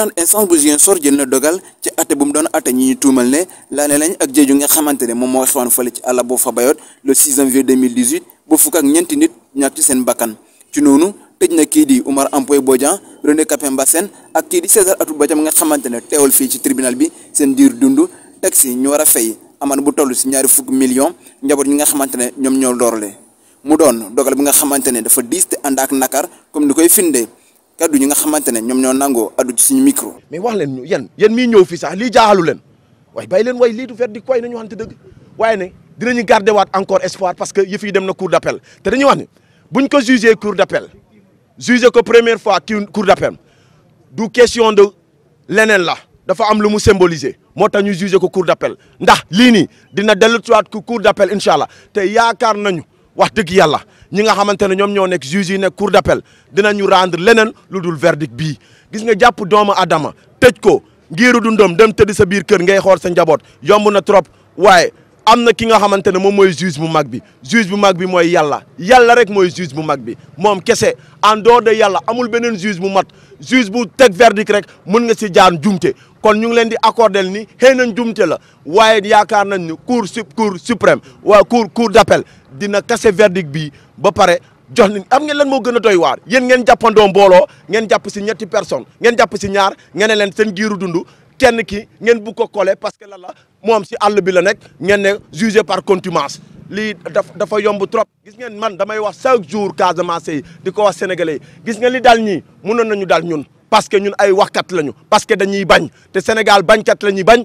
grande instance bu Ziguinchor jël na dogal ci atte bu mu doon atte ñi ñu tuumal ne laale lañ ak jéeju nga xamante ne moom moo xewoon fële ci àll boo fa bayoot le 6 janvier 2018 ba fukk ak ñeenti nit ñàkk ci seen bakkan ci noonu tëj na kii di Oumar Ampoy René Capain Bassène ak kii César Atou Badiam nga xamante ne fii ci tribunal bi seen diir dund teg si ñu war a fay amaan bu toll si ñaari fukk million njaboot ñi nga xamante ne ñoom ñoo doorle mu doon bi nga xamante ne dafa diis te ànd ak kaddu ñi nga xamantene ñom ñoo nangoo addu ci suñu micro. mais wax leen ñu yeen yéen miy ñëw fii sax li jaaxalu leen way bay leen way li du di koy nañu xanté deug waaye ne dinañu garder wat encore espoir parce que yëf yi dem na cour d'appel appel dañu wax ni buñ ko juger cour d'appel appel ko première fois ci cour d'appel appel du question de lenen la dafa am lu mu symboliser motax ñu juger ko cour d'appel appel ndax li ni dina dellusiwaat ko cour d' appel incha allah te yaakaar nañu wax deug yalla ñi nga xamante ne ñoom ñoo nekk juge yi nekk cour d'appel ñu rendre leneen lu dul verdict bii gis nga jàpp doomu adama tej ko ngiiru dundam dem tëdd sa biir kër ngay xool sa njaboot yomb na trop waaye am na ki nga xamante ne moom mooy juge bu mag bi juge bu mag bi mooy yàlla yàlla rek mooy juge bu mag bi moom kese en dehors de yàlla amul beneen juge bu mat juge bu teg verdict rek mën nga si jaar jumte kon ñu ngi leen di accordel ni xëy na jumte la waaye yaakaar nañ ni cour su cour suprême waa cour cour d'appel dina casser verdict bi ba pare jox leen am ngeen lan moo gën a doy waar yéen ngeen jàppandoo mbooloo ngeen jàpp si ñetti personne ngeen jàpp si ñaar ngeen ne leen seen giiru dund kenn ki ngeen bu ko collé parce que lan la moom si àll bi la nekk ngeen ne jugé par contumace lii dafa dafa yomb trop gis ngeen man damay wax chaque jour Casamance yi di ko wax sénégalais yi gis ngeen li daal ñii mënoon nañu daal ñun parce que ñun ay waxkat lañu parce que dañuy bañ te Sénégal bañkat la ñuy bañ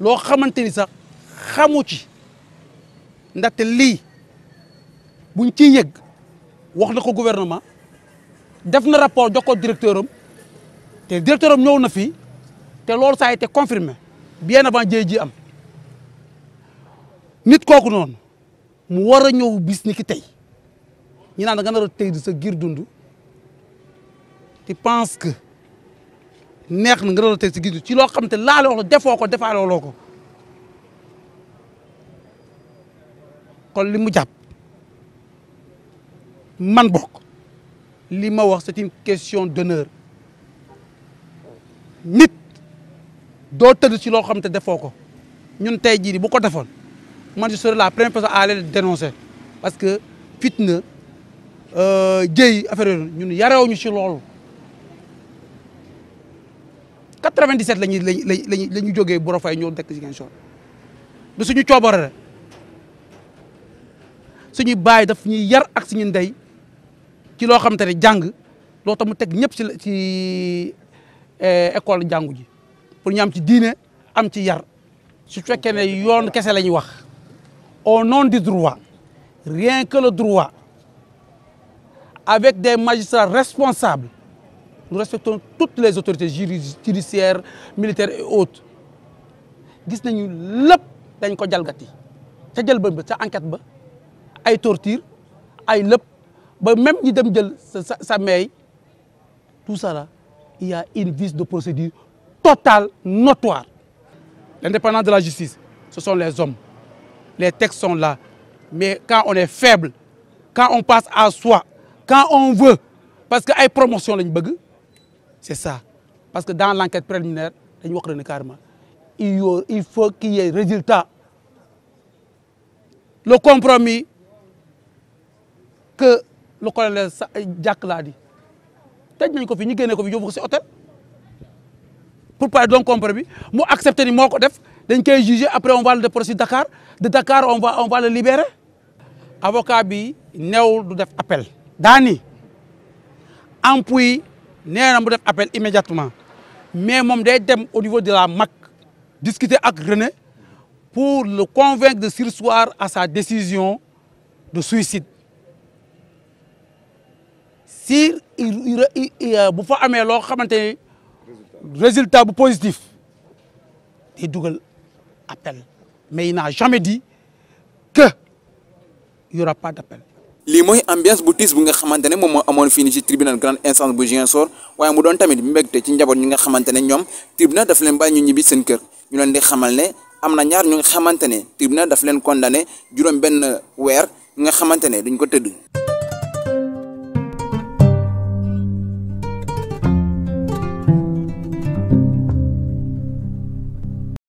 lo xamanteni sax xamu ci ndaxte li buñ ci yegg wax na ko gouvernement def na rapport jox ko directeuram am te directeur am na fi te loolu ça été confirmé bien avant djey ji am nit koku non mu wara a bis ni ki tay ñi naan da nga nar a tey du sa giir dund te pense que neex na nga doon teg si ci lo xam te laaloo wax defoo ko defaaloo ko kon li mu man bok li ma wax c'est une question d'honneur nit do tëdd ci lo xam te ko ñun tay ji bu ko defoon man je serai la première personne à aller dénoncer parce que fitna euh, jëy affaire ñun ñun ñu ci loolu. 97 lañu lañu lañu joggé la ñuy jógee ci Faye ñëw dëkk Ziguinchor du suñu coobare suñu baay daf ñuy yar ak suñu ndey ci lo xam te ne jàng loo tax mu teg ñëpp ci ci eh, école jàngu ji pour ñam ci diiné am ci yar su fekkee ne yoon kessé lañu wax au nom du droit rien que le droit avec des magistrats responsables nous respectons toutes les autorités judiciaires, militaires et autres. nañu enquête ba ay torture même si dem sa mère, tout ça il y a une vice de procédure totale notoire l'indépendance de la justice ce sont les hommes les textes sont là mais quand on est faible quand on passe à soi quand on veut parce que ay promotion lañ c'est ça parce que dans l'enquête préliminaire il faut qu'il y ait résultat le compromis que le colonel Jack l'a dit Peut-être ko fi hôtel pour parler compromis Moi, accepter ni le def juger après on va le déposer Dakar de Dakar on va on va le libérer avocat bi pas du def appel En empui il appel immédiatement mais il day au niveau de la MAC discuter avec René pour le convaincre de sursoir à sa décision de suicide si il euh, fa résultat positif il appel mais il n'a jamais dit qu'il n'y aura pas d'appel lii mooy ambiance bu tiis bu nga xamante ne moom moo amoon fii nii ci tribunal grande instance bu Ziguinchor waaye mu doon tamit mbégte ci njaboot ñi nga xamante ne ñoom tribunal daf leen bàyyi ñu ñibbi seen kër ñu leen di xamal ne am na ñaar ñu nga xamante ne tribunal daf leen condamné juróom benn weer ñu nga xamante ne duñ ko tëdd